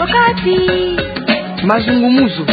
wakati mazungumzo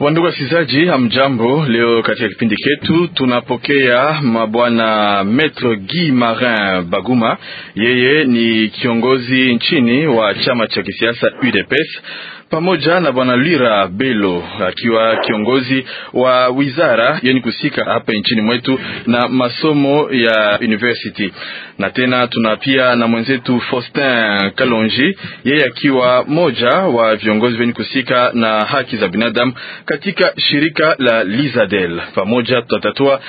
Wandugu wasikilizaji, hamjambo. Leo katika kipindi chetu tunapokea mabwana Maitre Guy Marin Baguma, yeye ni kiongozi nchini wa chama cha kisiasa UDPS pamoja na bwana Lira Belo akiwa kiongozi wa wizara yani kusika hapa nchini mwetu na masomo ya university, na tena tuna pia na mwenzetu Faustin Kalonji, yeye akiwa moja wa viongozi wenye kusika na haki za binadamu katika shirika la Lizadel. Pamoja tutatatua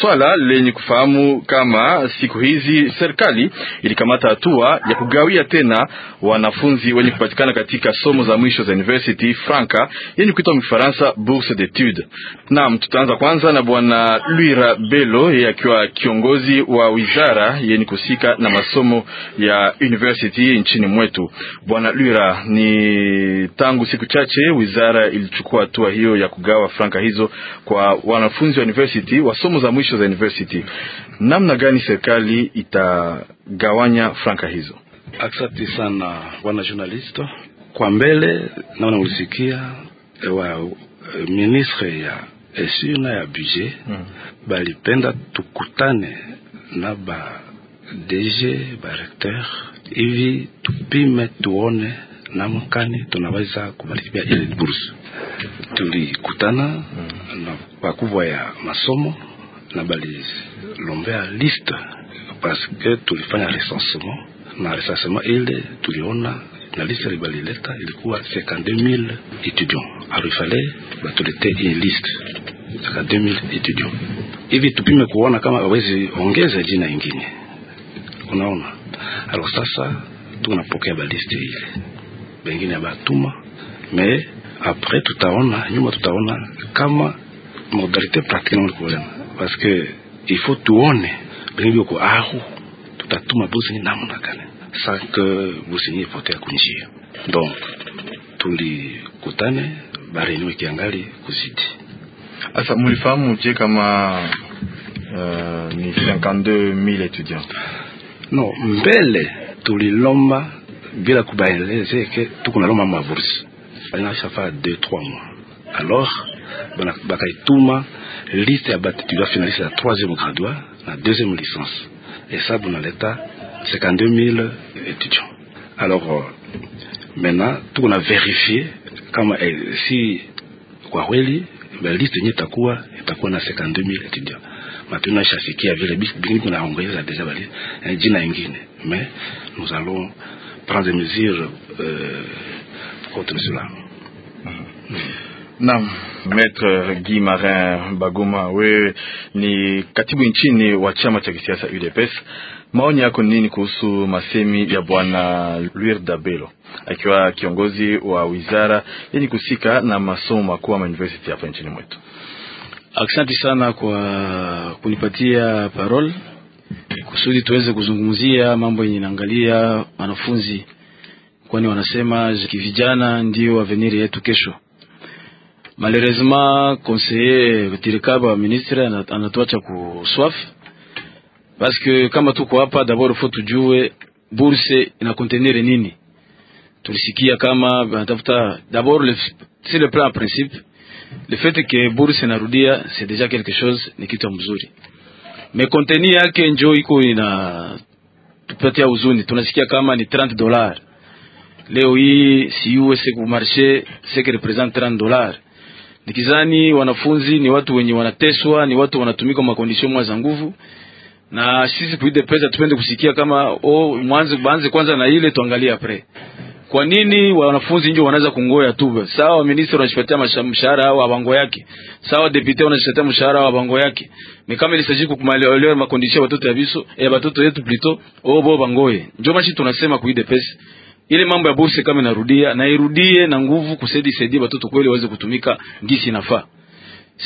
swala lenye kufahamu kama siku hizi serikali ilikamata hatua ya kugawia tena wanafunzi wenye kupatikana katika somo za mwisho Research University Franca yenye kuitwa Mfaransa Bourse d'Etude. Naam, tutaanza kwanza na bwana Luira Belo, yeye akiwa kiongozi wa wizara yenye kusika na masomo ya university nchini mwetu. Bwana Luira, ni tangu siku chache wizara ilichukua hatua hiyo ya kugawa franka hizo kwa wanafunzi wa university wa somo za mwisho za university. Namna gani serikali itagawanya franka hizo? Asante sana bwana journalist kwa mbele naona ulisikia wa e, eh, ministre ya esi na ya budget mm. balipenda tukutane na ba DG ba recteur hivi tupime tuone namkani tunaweza kubalipia ile bourse. Tulikutana mm. na wakubwa ya masomo na balilombea liste parce que tulifanya recensement na recensement ile tuliona na liste walileta ilikuwa 52000 etudiants arifale, batuletee hii list ya 2000 etudiants hivi tupime kuona kama wawezi ongeza jina ingine. Unaona, alors sasa tunapokea ba liste ile, bengine batuma me après tutaona nyuma, tutaona kama modalité pratique na problème parce que il faut tuone bengine biko ahu tutatuma bosi namna gani sans que mheshimiwa à kunjia donc tulikutane bareno ikiangali kuzidi asa mulifahamu ça. kama uh, ni 000 étudiants no mbele tulilomba bila kubaelezeke tuko nalomba mabursi inashafaa 2 3 mois alors bakaituma liste ya batudia finaliste ya troisième graduat na deuxième licence Et vous na l'état 52 000 étudiants. Alors, euh, maintenant, tout on a vérifié kama eh, si kwa kweli ben, list yenyewe itakuwa itakuwa na 52000 etudia matuna shafikia vile bingi kunaongeza déjà, déjà, eh, jina ingine mais nous allons prendre des mesures euh, contre cela mm-hmm. Non, Maître Guy Marin Bagoma, oui, ni katibu nchini wa chama cha kisiasa UDPS Maoni yako ni nini kuhusu masemi ya bwana Luir Dabelo akiwa kiongozi wa wizara yenye kusika na masomo makuu ama university hapa nchini mwetu? Asante sana kwa kunipatia parole kusudi tuweze kuzungumzia mambo yenye naangalia wanafunzi, kwani wanasema vijana ndio avenir yetu kesho. Malheureusement conseiller Tirikaba wa ministre anatuacha kuswafu Paske kama tuko hapa dabord faut tujue bourse ina contenir nini. Tulisikia kama natafuta dabord le c'est le plan principe. Le fait que bourse inarudia c'est déjà quelque chose ni kitu mzuri. Me contenu yake njo iko ina tupatia uzuni. Tunasikia kama ni 30 dollars. Leo hii si uwe ku marché c'est que représente 30 dollars. Nikizani wanafunzi ni watu wenye wanateswa, ni watu wanatumika kwa makondisyon mwa za nguvu na sisi kuide pesa tupende kusikia kama o oh, mwanze banze kwanza na ile tuangalie apre. Kwa nini wanafunzi ndio wanaweza kungoya tu? Sawa, wa ministri wanajipatia mshahara au abango yake, sawa, depute wanajipatia mshahara au abango yake. Ni kama ile sajiko kumaliolea makondisha watoto ya biso ya eh, watoto yetu plito oh bo bangoye. Ndio mashi tunasema kuide pesa ile mambo ya bursi kama inarudia na irudie na nguvu kusaidia saidia watoto kweli waweze kutumika ngisi nafaa.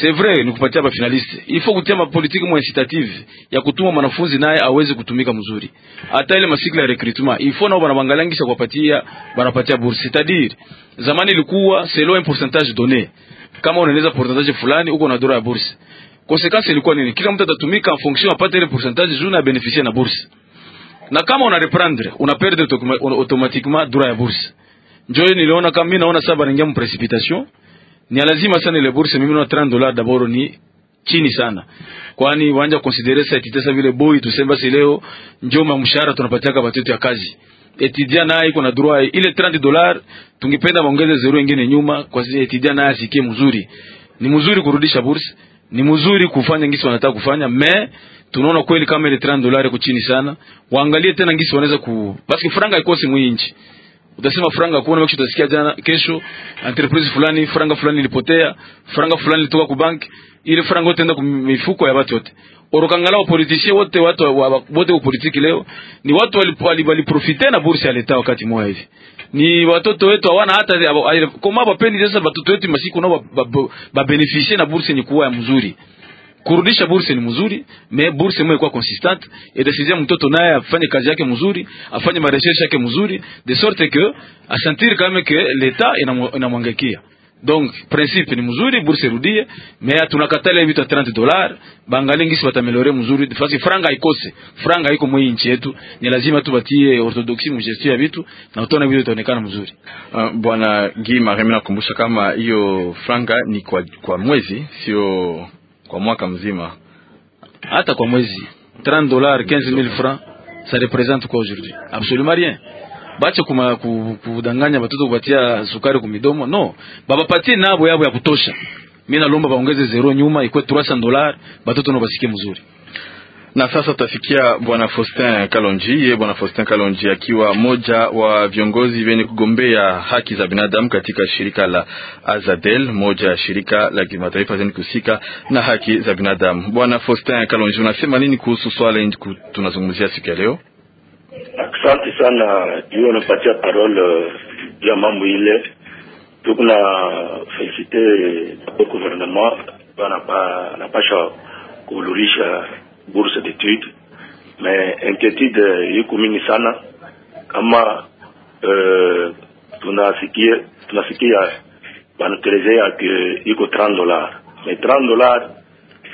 C'est vrai ni kupatia ba finaliste. Il faut kutia ma politique moins incitative ya kutuma mwanafunzi naye aweze kutumika mzuri. Hata ile masikla ya recruitment, il faut nao banabangalangisha kuwapatia banapatia bourse. C'est-à-dire zamani ilikuwa selon un pourcentage donné. Kama unaeleza pourcentage fulani uko na dora ya bourse. Konsekansi ilikuwa nini? Kila mtu atatumika en fonction apate ile pourcentage juu na beneficia na bourse. Na kama una reprendre, una perdre automatiquement dora ya bourse. Njoye niliona kama mimi naona sasa banaingia mu précipitation ni lazima sana ile bourse mimi na 30 dola daboro ni chini sana, kwani wanja konsidere site tesa vile boy tuseme basi leo njoma mshahara tunapatiaka watoto ya kazi etidia naye iko na droit ile 30 dola, tungependa maongeze zero nyingine nyuma, kwa sababu etidia naye asikie mzuri. Ni mzuri kurudisha bourse, ni mzuri kufanya ngisi wanataka kufanya me tunaona kweli kama ile 30 dola iko chini sana, waangalie tena ngisi wanaweza ku, basi franga ikosi mwinji utasema franga kuona wakisho, utasikia jana kesho entreprise fulani franga fulani ilipotea, franga fulani ilitoka ku bank, ile franga yote inaenda ku mifuko ya watu wote. Orokangala wa wote watu wote wa politiki leo ni watu waliprofite na bursa ya leta wakati moja hivi. Ni watoto wetu hawana hata kama wapendi sasa, watoto wetu masiku nao ba, ba, ba, ba, babenefisie na bursa ni kuwa ya mzuri kurudisha bursi ni mzuri me bursi mwe kwa consistant etasizia mtoto naye afanye kazi yake mzuri afanye marecherche yake mzuri de sorte que a sentir quand même que leta inamwangekia donc principe ni mzuri bursi rudie me tunakatala vitu 30 dollars bangalie ngisi watamelore mzuri fasi franga ikose franga iko mwe nchi yetu ni lazima tubatie orthodoxie orthodoxie gestion ya vitu na utaona vitu itaonekana mzuri uh, bwana Gima remina kumbusha kama hiyo franga ni kwa, kwa mwezi sio kwa mwaka mzima, hata kwa mwezi 30 dollars 15000 francs ça représente quoi aujourd'hui? Absolument rien. Bacha kuma kudanganya batoto kupatia sukari kumidomo, no, babapatie nabo yabo ya kutosha. Mimi nalomba baongeze zero nyuma, ikwe 300 dollars, batoto no basikie mzuri. Na sasa tutafikia bwana Faustin Kalonji. Ye bwana Faustin Kalonji akiwa moja wa viongozi wenye kugombea haki za binadamu katika shirika la Azadel, moja ya shirika la kimataifa zenye kuhusika na haki za binadamu. Bwana Faustin Kalonji, unasema nini kuhusu swala tunazungumzia siku ya leo? Asante sana juu unapatia parole ya mambo ile, tuko na felicite gouvernement anapasha kuululisha bourse d'études, mais inquiétude euh, iko mingi sana kama uh, tunasikia tunasikia wanatuelezea ke iko 30 dollars mais 30 dollars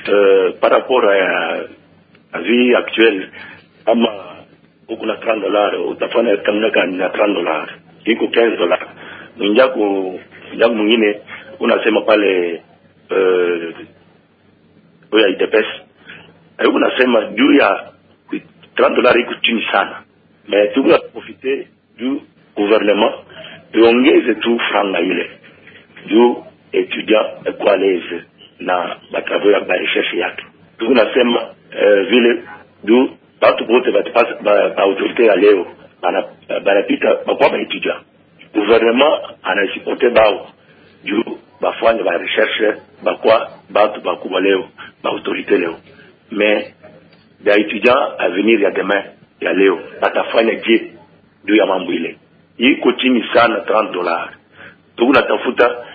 euh, par rapport à, à vie actuelle kama uko na 30 dollars utafanya kamnaka na 30 dollars iko 15 dollars mwinjako mwinjako mwingine unasema pale uh, oya itepesa Hebu nasema juu ya 30 dolari iko chini sana, mais tuko profite juu gouvernement iongeze tu franga ile juu etudiant ekuwa leze na batraveu ya barecherche yake. Tuko nasema eh, vile juu batu bote baautorite ya leo banapita bakuwa baetudiant, gouvernement anasipote bao juu bafanye barecherche bakwa batu bakubwa leo baautorite leo mais ya étudiant avenir ya demain ya leo atafanya je juu ya mambo ile iko chini sana 30 dollars tuku tafuta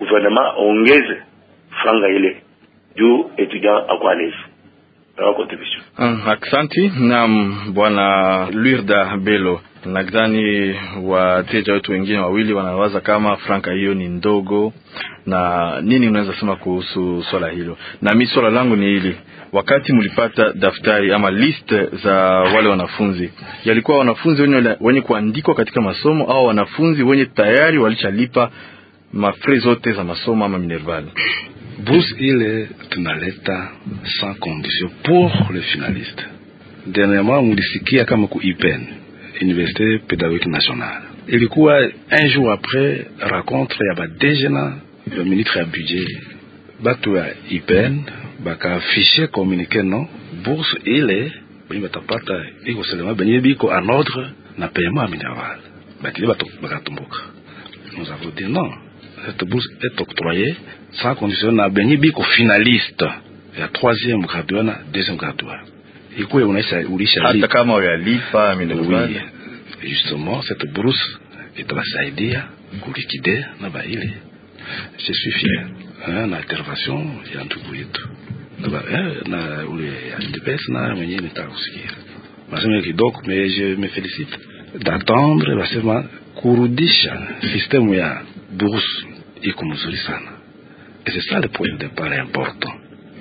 gouvernement aongeze franga ile juu étudiant akwanezi na contribution. Naam, Bwana Lwirda Bello. Nadhani wateja wetu wengine wawili wanawaza kama franka hiyo ni ndogo na nini. Unaweza sema kuhusu swala hilo? Na mi swala langu ni hili, wakati mlipata daftari ama list za wale wanafunzi, yalikuwa wanafunzi wenye, wenye kuandikwa katika masomo au wanafunzi wenye tayari walishalipa mafre zote za masomo ama minerval bus ile tunaleta sans condition pour le finaliste. Dernierement mulisikia kama ku ipen Université Pédagogique Nationale. coup, un jour après rencontre ya déjà le ministre à budget batu ya IPN fichier komunike non bourse ile benye batapata iko selema benye biko en ordre na paiement a minerval bakili ben, bakatumbuka nous avons dit non cette bourse est octroyée sans condition na ben, Il y finaliste un troisième graduat un deuxième graduat ikuwe ulisha hata kama uyalipa oui, justement cette bourse itabasaidia kulikide na baile. Je suis fier na intervention ya ndugu yetu na eh, ule UDPS na mwenyewe nitaka kusikia nasema kidogo, mais je me félicite d'attendre basema kurudisha systemu ya bourse iko mzuri sana, et c'est ça le point de départ important.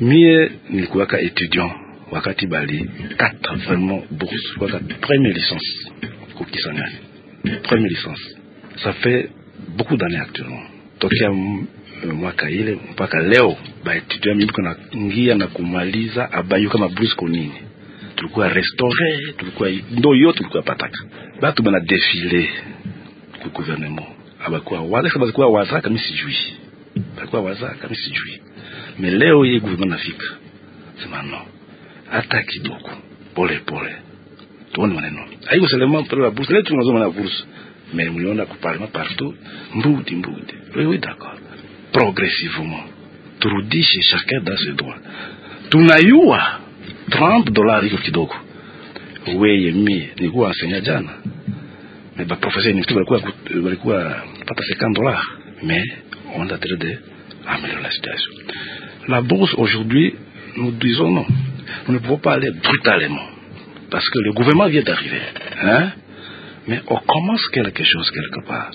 Mie nilikuwaka étudiant wakati bali 4 vraiment bourse wakati première licence kokisana première licence ça fait beaucoup d'années actuellement Toki euh, mwaka ile mpaka leo baetudia mimi kuna ingia na kumaliza abayo kama brusco nini tulikuwa restaurer tulikuwa ndo yote tulikuwa pataka batu bana défiler ku gouvernement abakuwa waza bakuwa waza kama sijui bakuwa waza kama sijui mais leo hii gouvernement nafika sema maintenant hata kidogo, pole pole, tuone maneno haiko selema pour la bourse letu mazoma na bourse mais mliona parlent partout, Mboudi, Mboudi. Oui oui, d'accord, progressivement chez chacun dans ses droits. Tunayua 30 dollars iko kidogo, weye mie nilikuwa ansenya jana mais le professeur ni walikuwa walikuwa pata 50 dollars mais on a traité améliorer la situation. La bourse aujourd'hui, nous disons non. Nous ne pouvons pas aller brutalement, parce que le gouvernement vient d'arriver. Hein? Mais on commence quelque chose quelque part.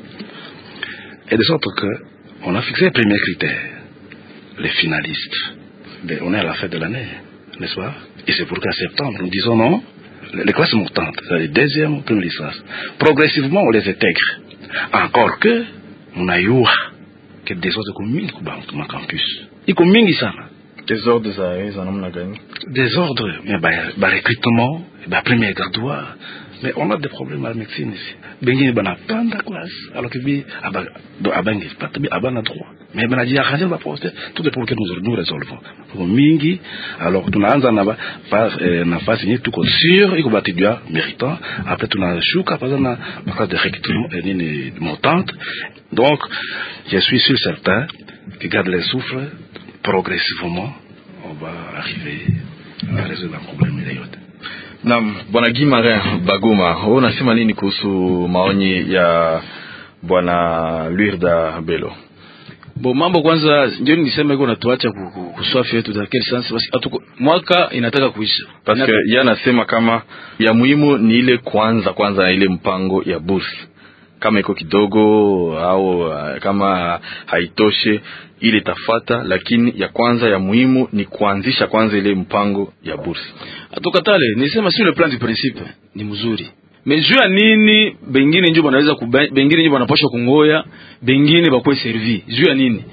Et de sorte qu'on a fixé les premiers critères, les finalistes. on est à la fin de l'année, n'est-ce pas Et c'est pour en septembre, nous disons non, les classes montantes, les deuxième première licence, progressivement on les intègre. Encore que, on a eu que des autres communes dans mon campus. Et comme ils là. Des Desordre ça, za namna Des ordres, mais ba ben, ba ben, recrutement eh ba ben, premier gardoir. mais on a des problèmes à la médecine ici. a bana panda classe alors que bi aba do abangi pata bi abana droit. Mais bana dia haja ba poste tous les problèmes que nous nous résolvons. Pour mingi alors tunaanza eh, na ba nafasi tout comme sûr a iko batidwa méritant après tunashuka paza na classe de recrutement et nini montante. Donc je suis sûr certain que garde les souffres progressivement on va arriver à résoudre un problème ile yote. Naam, Bwana Gimarin Bagoma, wewe unasema nini kuhusu maoni ya Bwana Lwirda Belo? Bo, mambo kwanza ndio niseme iko natuacha kuswafi yetu za quel sens basi atuko mwaka inataka kuisha, parce que yeye anasema kama ya muhimu ni ile kwanza kwanza ile mpango ya bourse kama iko kidogo au uh, kama haitoshe ile tafata, lakini ya kwanza ya muhimu ni kuanzisha kwanza ile mpango ya bursi. Atukatale nisema si le plan du principe ni mzuri mejua nini, bengine njo banaweza bengine njo banapashwa kungoya, bengine bakwe servi juu ya nini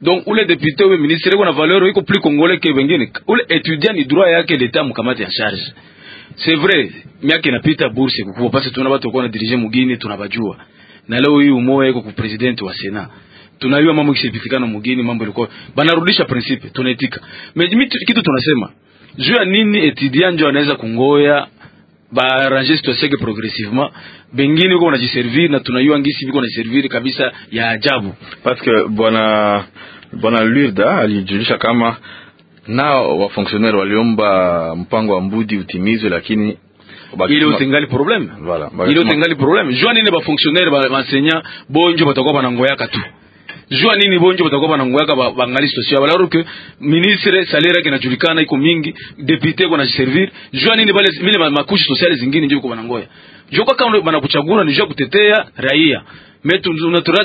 donc ule député ou ministre iko na valeur iko plus congolais que bengine. Ule étudiant ni droit yake l'etat mkamate en charge c'est vrai, miaka inapita bursi kukua basi, tuna watu wako na dirije mugini tunabajua, na leo hii umoja iko ku president wa Sena, tunajua mambo kishipitikana mugini, mambo ilikuwa banarudisha principe, tunaitika mimi kitu tunasema juu ya nini, etudiant ndio anaweza kungoya baarrange situation ke progressivement bengine uko na wanajiservir na tunajua ngisi biko na wanajiservir kabisa ya ajabu, parce que bwana bwana Lurda alijulisha kama nao wafonksioneri waliomba mpango wa Mbudi utimizwe, lakini ile utengali problème voilà ile utengali probleme. Jua nini ba fonctionnaire ba enseignant bonjo batakuwa banangoyaka tu jua nini bonjo batakuwa banangoyaka bangali social alors que ministre salaire yake inajulikana iko mingi, depute kwa najiservir, jua nini bale vile makushi sociale zingine ndio kwa banangoya jua kwa kama banakuchagula ni jua kutetea raia mais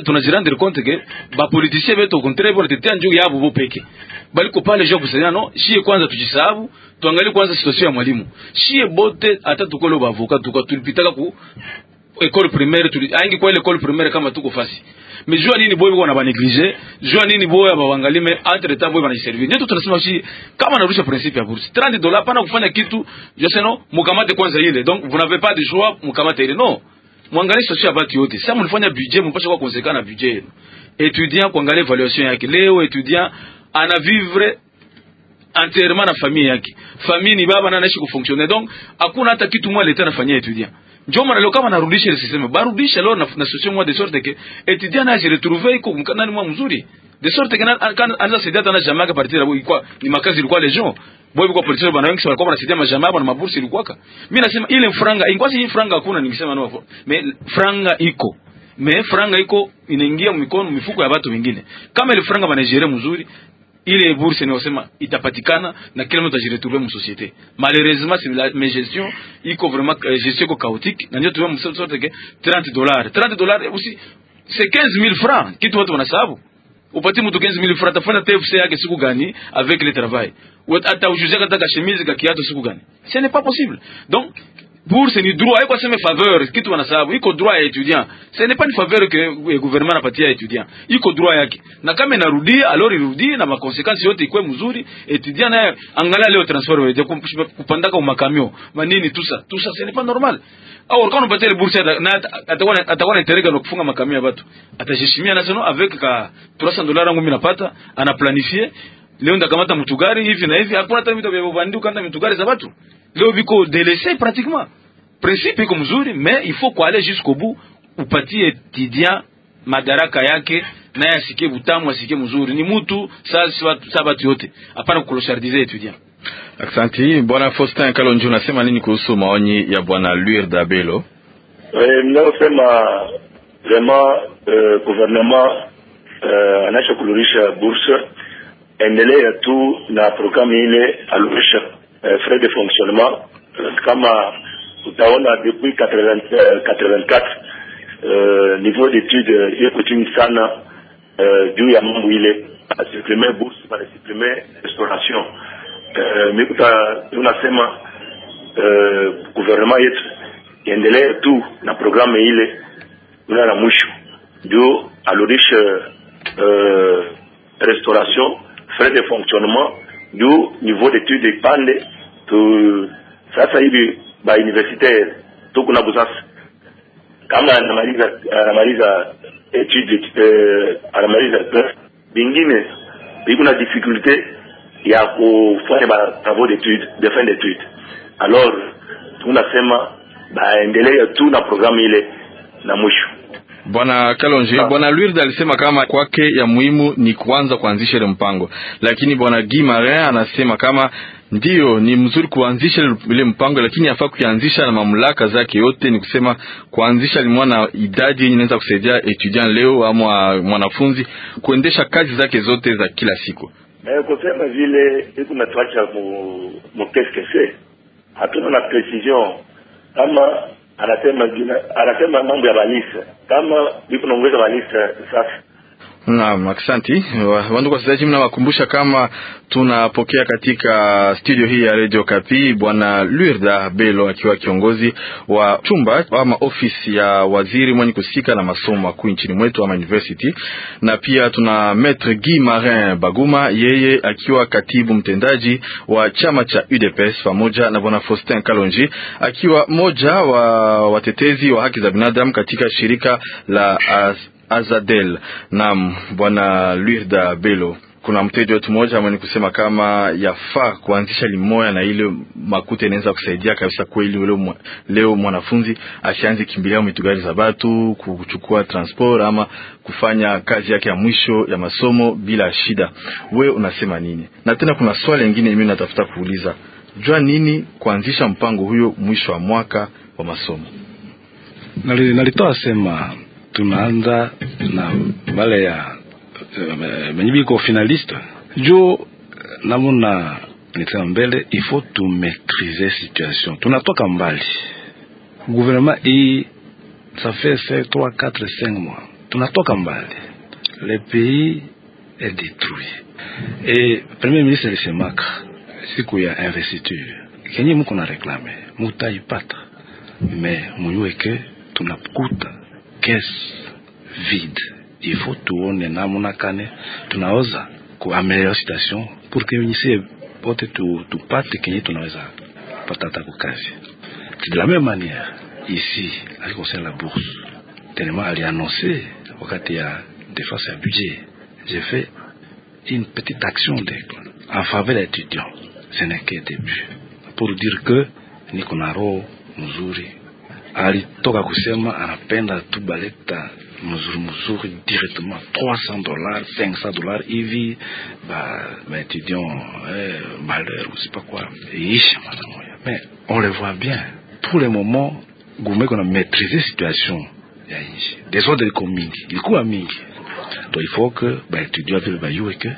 tunajirendre compte que bapoliticien betu au contraire banatetea njuu yabo bo peke baliko pale jua kusanya no shie kwanza tujisahabu tuangalie kwanza situation ya mwalimu shie bote hata tukolo bavoka tukatulipitaka ku école primaire tuli aingi kwa ile école primaire kama tuko fasi mais jua nini boye biko wanabaneglige jua nini boye abawangali me entre temps boye wanajiservir nyetu tunasema shi kama narusha principe ya bourse 30 dollars pana kufanya kitu non, mukamate kwanza ile donc vous n'avez pas de choix mukamate ile non mwangalie sosi abaki yote sasa mulifanya budget mupasha kwa konsekana budget yenu étudiant kuangalia evaluation yake leo étudiant vivre entièrement na famille yake famille ni baba na anaishi kufonctionner donc hakuna hata kitu mwa leta nafanyia étudiant Njo mara leo kama narudisha ile systeme, barudisha leo na fundasion moi de sorte que étudiant na je retrouver iko mkanani mwa mzuri. De sorte que kana anza saidia tena jamaa ka partir hapo ilikuwa ni makazi ilikuwa lejo. Boy ilikuwa police bana wengi walikuwa wanasaidia majamaa bana mabursi ilikuwa ka. Mimi nasema ile franga, ingwa si franga hakuna ningesema no. Me franga iko. Me franga iko inaingia mikono mifuko ya watu wengine. Kama ile franga banajere mzuri, ile bourse inayosema itapatikana na kila mtu retrouvé mu société. Malheureusement c'est la mes euh, gestion iko vraiment gestion ko chaotique, na ndio tuwe sote ke 30 dollars 30 dollars aussi, c'est 15000 francs kitu watu wanasabu upati 15 15000 francs tafanya TFC yake siku gani avec le travail hata ujuze kata ka chemise ka kiatu siku gani ce n'est pas possible donc bourse ni droit haiko aseme faveur kitu wanasababu iko droit ya étudiant ce n'est pas une faveur que le eh, gouvernement anapatia etudiant iko droit yake na kama inarudia alors irudie na makonsekansi yote ikwe mzuri étudiant naye angalia leo transfer wewe kupandaka umakamio manini tusa tusa ce n'est pas normal au kama no ile bourse na atakuwa atakuwa interega na kufunga makamio ya watu atashishimia nasono avec ka 300 dollars ngumi napata ana planifier leo ndakamata mtugari hivi na hivi hakuna hata mtu vya bandu kanda mtugari za watu leo biko delese pratiquement. Principe iko mzuri, mais il faut kuale jusqu'au bout, upatie tidia madaraka yake naye asikie butamu, asikie mzuri. Ni mutu sabatu watu yote, hapana kukoloshardize etudiant. Aksanti bwana Faustin Kalonji, unasema nini kuhusu maoni ya bwana Luir Dabelo? Eh, mnaosema vraiment euh, gouvernement eh, anasha kulurisha bursa endelea tu na programu ile alurisha Euh, frais de fonctionnement comme euh, on a depuis 84 euh, euh, niveau d'étude hiyo kuchini sana uh, il est mambo ile asiprime bourse wanasiprime restauration uh, mikuta tunasema uh, gouvernement est tout tout na programme il est la la mouche à l'origine restauration frais de fonctionnement du niveau d'étude ipande tu sasa hivi ba universitaire tuko na busasa kama anamaliza anamaliza etude eh, anamaliza bingine iko na difficulté ya kufanya ba travaux d'étude de fin d'étude alors tunasema baendelee tu na programu ile na mwisho Bwana Kalonje, ah. Bwana Lwird alisema kama kwake ya muhimu ni kuanza kuanzisha ile mpango, lakini Bwana Guy Marin anasema kama Ndiyo, ni mzuri kuanzisha ile mpango, lakini afaa kuanzisha na mamlaka zake yote. Ni kusema kuanzisha limwana idadi yenye inaweza kusaidia etudiant leo ama mwanafunzi kuendesha kazi zake zote za kila siku. Eh, kusema vile iko natuacha mu mu c'est? hatuna na precision kama anasema anasema mambo ya balisa, kama iko naongeza balisa sasa Naam, asante wandugu wasikilizaji, mnawakumbusha kama tunapokea katika studio hii ya Radio Kapi bwana Lurda Belo akiwa kiongozi wa chumba ama ofisi ya waziri mwenye kusika na masomo makuu nchini mwetu ama university, na pia tuna Maitre Guy Marin Baguma, yeye akiwa katibu mtendaji wa chama cha UDPS, pamoja na bwana Faustin Kalonji akiwa moja wa watetezi wa haki za binadamu katika shirika la uh, Azadel na bwana Luirda Belo. Kuna mteja wetu mmoja amani kusema kama yafaa kuanzisha limoya na ile makuta inaweza kusaidia kabisa kweli. Leo, leo mwanafunzi ashanzi kimbilia mitugari za batu kuchukua transport ama kufanya kazi yake ya mwisho ya masomo bila shida. We unasema nini? Na tena kuna swali lingine mimi natafuta kuuliza, jua nini kuanzisha mpango huyo mwisho wa mwaka wa masomo? Nalitoa nali sema tunaanza na wale ya wenye eh, finaliste juu eh, namuna nilisema mbele ifo tumecrize situation, tunatoka mbali gouvernement hii ça fait 3, 4, 5 mois tunatoka mbali, le pays est détruit et premier ministre alisemaka siku ya investiture kenye muko na reklame mutaipata me muyue ke tunakuta caisse vide, Il faut hivyo tuone namna kane tunaweza kuamelea situation purkenisie pote tu, tupate kenye tunaweza pata hata kukazi. De la même manière ici concerne la bourse tellement y wakati ya défense ya budget, j'ai fait une petite action de, en faveur des étudiants. Ce n'est qu'un début pour dire que niko na mzuri alitoka kusema anapenda tu baleta mzuri mzuri directement 300 dollars 500 dollars hivi ba ba étudiant eh, malheur ou c'est kwa quoi iisha mara moja mais on le voit bien pour le moment gumeko na maîtriser situation ya nchi desordre iko mingi ilikuwa mingi do il faut que ba étudiant vile ba yue que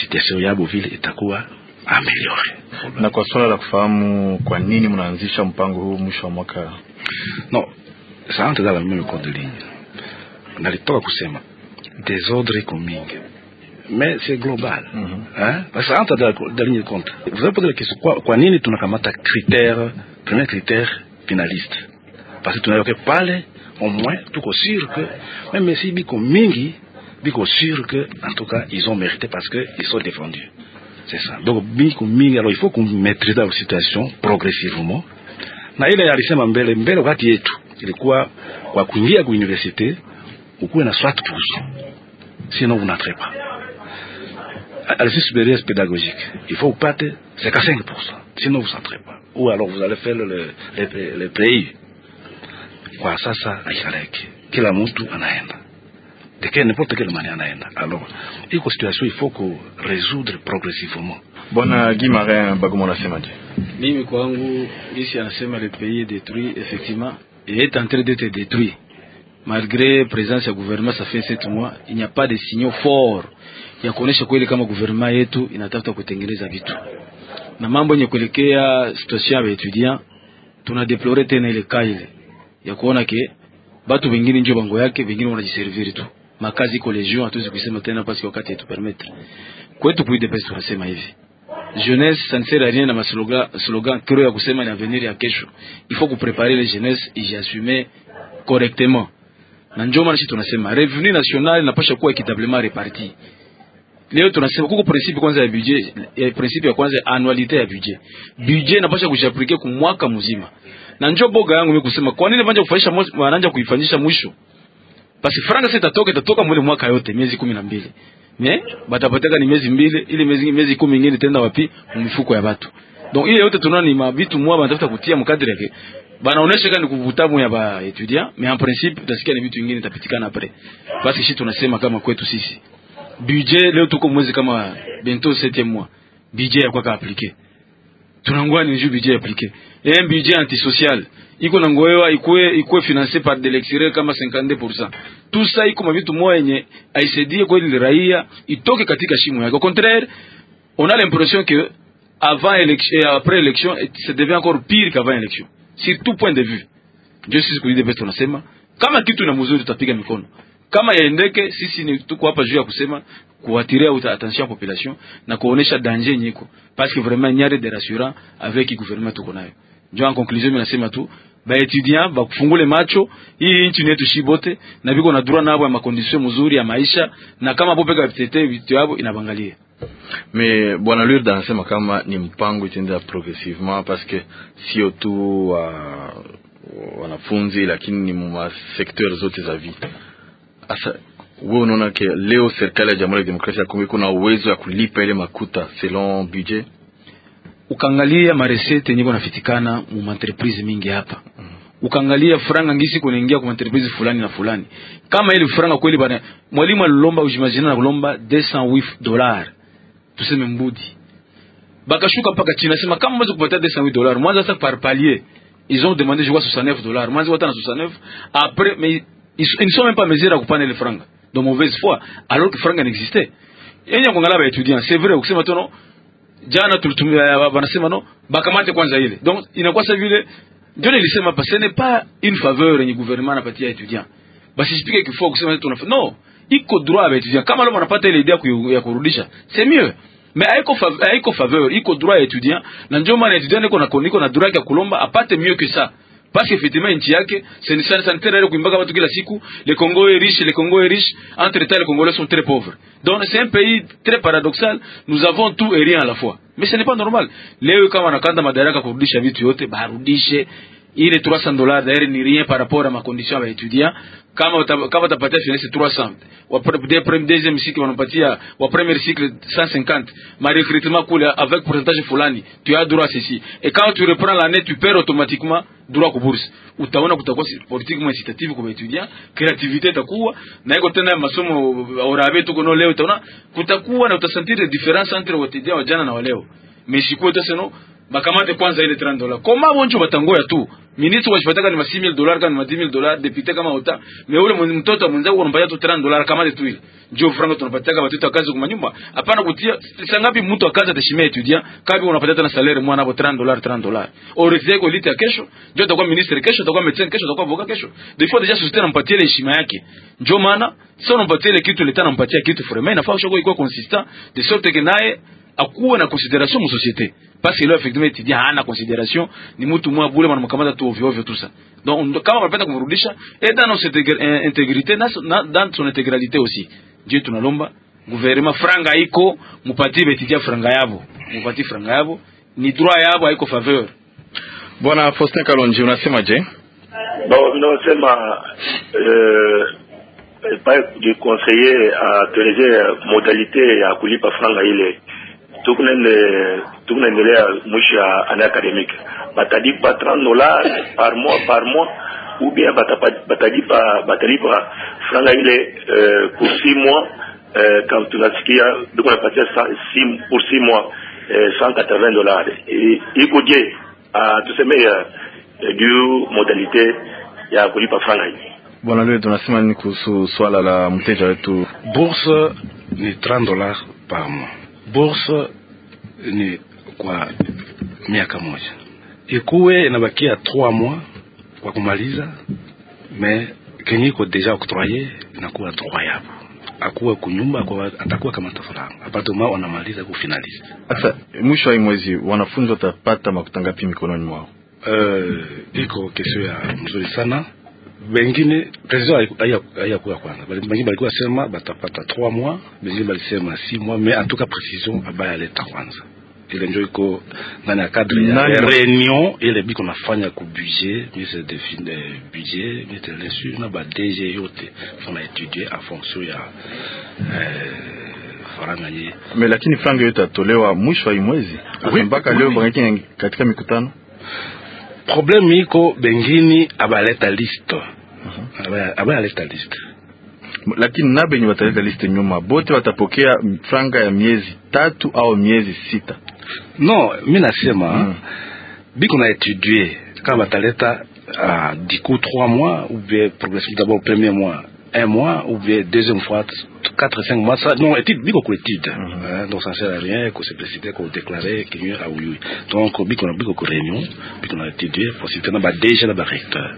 situation yabo vile itakuwa ameliore na kwa swala la kufahamu kwa nini mnaanzisha mpango huu mwisho wa mwaka Non, ça dans No, saa natazama mimi kodi linya, nalitoka kusema désordre et mingi mais c'est global mhm. hein? parce que entre dans la ligne de compte vous avez posé la question n'as pas pas ta critère premier critère finaliste parce que tu pas parlé, au moins tout sûr que même si biko mingi biko sûr que en tout cas ils ont mérité parce qu'ils ils sont défendus c'est ça donc biko mingi alors il faut qu'on maîtrise la situation progressivement na ile alisema mbele mbele, wakati yetu ilikuwa kwa kuingia ku university ukuwe na swat pouce sinon vous n'entrez pas. Alexis supérieure pédagogique, il faut upate 55% sinon vous n'entrez pas, ou alors vous allez faire le, le, le, le pays. Kwa sasa aishareke kila mtu anaenda de quelle n'importe quelle manière anaenda. Alors iko situation il faut que résoudre progressivement Bwana Guimarin Bagoma, unasemaje? Mimi kwangu isi anasema le pays est détruit effectivement et est en train d'être détruit malgré présence ya gouvernement ça fait 7 mois, il n'y a pas de signaux forts ya kuonesha kweli kama gouvernement yetu inatafuta kutengeneza vitu na mambo yenye kuelekea situation ya etudiant. Tunadeplore tena ile kaile ya kuona ke batu wengine ndio bango yake, wengine wanajiserviri tu makazi ko hatuwezi kusema tena, basi wakati yetu permettre kwetu kuidepesi, tunasema hivi jeunesse ça ne sert à rien dans ma slogan slogan kero ya kusema ni avenir ya kesho. Il faut préparer les jeunesse et ijiasume correctement, na ndio maana tunasema revenu national inapasha kuwa equitablement reparti. Leo tunasema kuko principe kwanza ya budget, ya principe ya kwanza annualité ya budget. Budget inapasha kujaplike ku mwaka mzima, na ndio boga yangu mimi kusema kwa nini banja kufanyisha wanaanza kuifanyisha mwisho, basi franga sasa itatoka itatoka mwele mwaka yote miezi 12 eh, batapoteka ni miezi mbili ili miezi miezi kumi ingine tenda wapi mfuko ya watu. Donc ile yote tunaona ni mabitu mwa banatafuta kutia mkadri yake. Banaonesha kani kuvutamu ya ba etudia, mais en principe utasikia ni vitu vingine tapitikana après. Parce que sisi tunasema kama kwetu sisi. Budget leo tuko mwezi kama bientôt 7e mois. Budget ya kwa aplike tunangua ni juu budget aplike Et budget antisocial. Iko nangoewa ikue ikue financé par de l'extérieur kama 52% tusa iko mavitu moya yenye aisaidie kweli raia itoke katika shimo yake. Au contraire, on a l'impression que avant élection et euh, après élection ça devient encore pire qu'avant élection, sur tout point de vue. Ndio sisi kuidi best tunasema kama kitu na mzuri tutapiga mikono, kama yaendeke. Sisi ni tuko hapa juu ya kusema kuatiria attention population na kuonesha danger nyiko, parce que vraiment il y a avec le gouvernement tuko nayo. Ndio en conclusion mimi nasema tu ba kufungule macho hii nchi yetu shibote na biko na dura nabo ya makondisio mzuri ya maisha, na kama hapo peka vitete vitu yabo inabangalia me bwana Lurd anasema kama ni mpango itendea progressivement que sio tu wa uh, wanafunzi, lakini ni mwa secteur zote za vie. Asa wewe unaona ke leo serikali ya Jamhuri ya Demokrasia ya Kongo iko na uwezo ya kulipa ile makuta selon budget ukangalia maresete yenye banafitikana mu entreprise mingi hapa ukangalia franga ngisi kunaingia kwa entreprise fulani na fulani, kama ile franga kweli bana mwalimu alilomba, ujimagine na kulomba 208 dollars tuseme mbudi, bakashuka mpaka chini, nasema kama mwezi kupata 208 dollars mwanza sasa par palier ils ont demandé je vois 69 dollars mwanza na 69 après mais ils, ne sont même pas mesure à kupana ile franga de mauvaise foi alors que franga n'existait yenye kuangalia ba étudiants c'est vrai ukisema tono jana tulitumia eh, wanasema no bakamate kwanza ile donc inakuwa sasa vile ndio nilisema pas ce n'est pas une faveur ni gouvernement patia étudiant basi sipike kifo kusema tunafanya no iko droit ya étudiant kama leo wanapata ile idea ya kurudisha c'est mieux mais haiko aiko faveur iko droit ya étudiant na ndio maana étudiant niko na niko na droit ya kulomba apate mieux que ça parce effectivement nchi yake c'est sanitaire ile kuimbaka watu kila siku le Congo est riche le Congo est riche entre temps les Congolais sont très pauvres donc c'est un pays très paradoxal nous avons tout et rien à la fois mais ce n'est pas normal leo kama wanakanda madaraka kurudisha vitu yote barudishe ile 300 dollars d'ailleurs ni rien par rapport à ma condition ya étudiant. Kama kama utapatia finance 300 wa premier deuxième cycle wanapatia wa premier cycle 150, mais recrutement kule avec pourcentage fulani, tu as droit à ceci. Et quand tu reprends l'année, tu perds automatiquement droit kwa bourse. Utaona kutakuwa politique moins incitative kwa étudiant, créativité itakuwa na iko tena masomo au rabe tu kono leo, utaona kutakuwa na utasentir différence entre wa étudiant wa jana na wa leo meshikuwe te seno bakamate kwanza ile 30 dollars koma bonjo batangoya tu ministre washifataka ni ma 6000 dollars kana ma 10000 dollars député kama uta me ule mtoto mwenza uko tu 30 dollars kama tu ile ndio franga tunapatiaka watoto kazi kwa nyumba hapana kutia sangapi mtu akaza atashimia etudia kabi unapatia na salaire mwana hapo 30 dollars 30 dollars orize ko kesho ndio atakuwa ministre kesho atakuwa médecin kesho atakuwa avocat kesho de fois déjà société anampatia ile heshima yake ndio maana sio unampatia ile kitu leta anampatia kitu vraiment inafaa ushago ikuwa consistant de sorte que naye akuwe na consideration mu societe parce que leo effectivement étudiant hana ah, consideration ni mtu mmoja bure wanamkamata tu ovyo ovyo tu sa donc kama wanapenda kumrudisha et dans notre euh, intégrité dans son intégralité aussi Dieu tunalomba gouvernement franga iko mupatie betidia franga yabo mupatie franga yabo ni droit yabo haiko faveur bwana Faustin Kalonji unasema je bon nasema euh, pas de conseiller à ateleje modalité ya kulipa franga ile tourne le mouche à un académique. Batadi 30 dollars par mois par mois ou bien batadi par batadi par franga ile est euh, pour six mois euh, quand tu as donc pour six mois 180 euh, dollars et il coûtait à tous ces meilleurs du modalité ya kulipa franga hii bwana leo tunasema ni kuhusu swala la mteja wetu bourse ni 30 dollars par mois bursa ni kwa miaka moja, ikuwe inabakia 3 mois kwa kumaliza me kenye iko deja octroye inakuwa droit yabo akuwa kunyumba kwa atakuwa kama tafulana apate ma wanamaliza kufinalize. Sasa mwisho wa mwezi wanafunzi watapata makuta ngapi mikononi mwao? Uh, iko kesho ya mzuri sana wengine president hayakuwa kwanza, wengine balikuwa sema batapata 3 mois, wengine balisema 6 mois, mais en tout cas precision abaya leta kwanza ile njo iko ndani ya kadre ya reunion ile biko nafanya ku budget mise de fin de budget mise le sur na ba DG yote tuna étudier en fonction ya euh, faranga yenyewe, mais lakini franga yote atolewa mwisho wa mwezi mpaka leo, bangekini katika mikutano problemu iko bengini abaleta liste uh mhm. -huh. liste lakini na benye bataleta liste nyuma bote watapokea franga ya miezi tatu au miezi sita. No, mi nasema mm. biko na etudie kama bataleta uh, ah, diku 3 mois ou bien progressif d'abord premier mois un mois ou bien deuxième fois, quatre, cinq mois, ça, non, étude, biko mhm. hein, donc ça ne sert à rien, qu'on se précipite, qu'on déclarait, qu'il y a, oui, oui. Donc, on a pris ko réunion, on a étudié, pour na bah, déjà na ba recteur.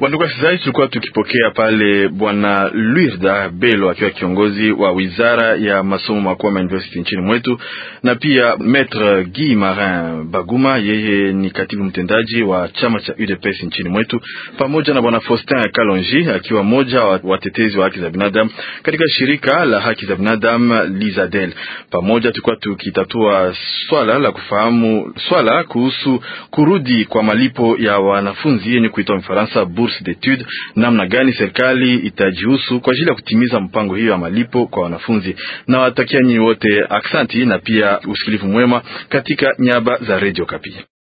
Wandugu wasikilizaji, tulikuwa tukipokea pale Bwana Lwirda Belo akiwa kiongozi wa wizara ya masomo makuu ama university nchini mwetu, na pia Maitre Guy Marin Baguma, yeye ni katibu mtendaji wa chama cha UDPS nchini mwetu, pamoja na Bwana Faustin Kalonji akiwa mmoja wa watetezi wa haki za binadamu katika shirika la haki za binadamu Lizadel. Pamoja tulikuwa tukitatua swala la kufahamu swala kuhusu kurudi kwa malipo ya wanafunzi yenye kuitwa Mfaransa bourse d'etude, namna gani serikali itajihusu kwa ajili ya kutimiza mpango hiyo ya malipo kwa wanafunzi. Na watakia nyinyi wote aksanti na pia usikilivu mwema katika nyaba za Radio Kapi.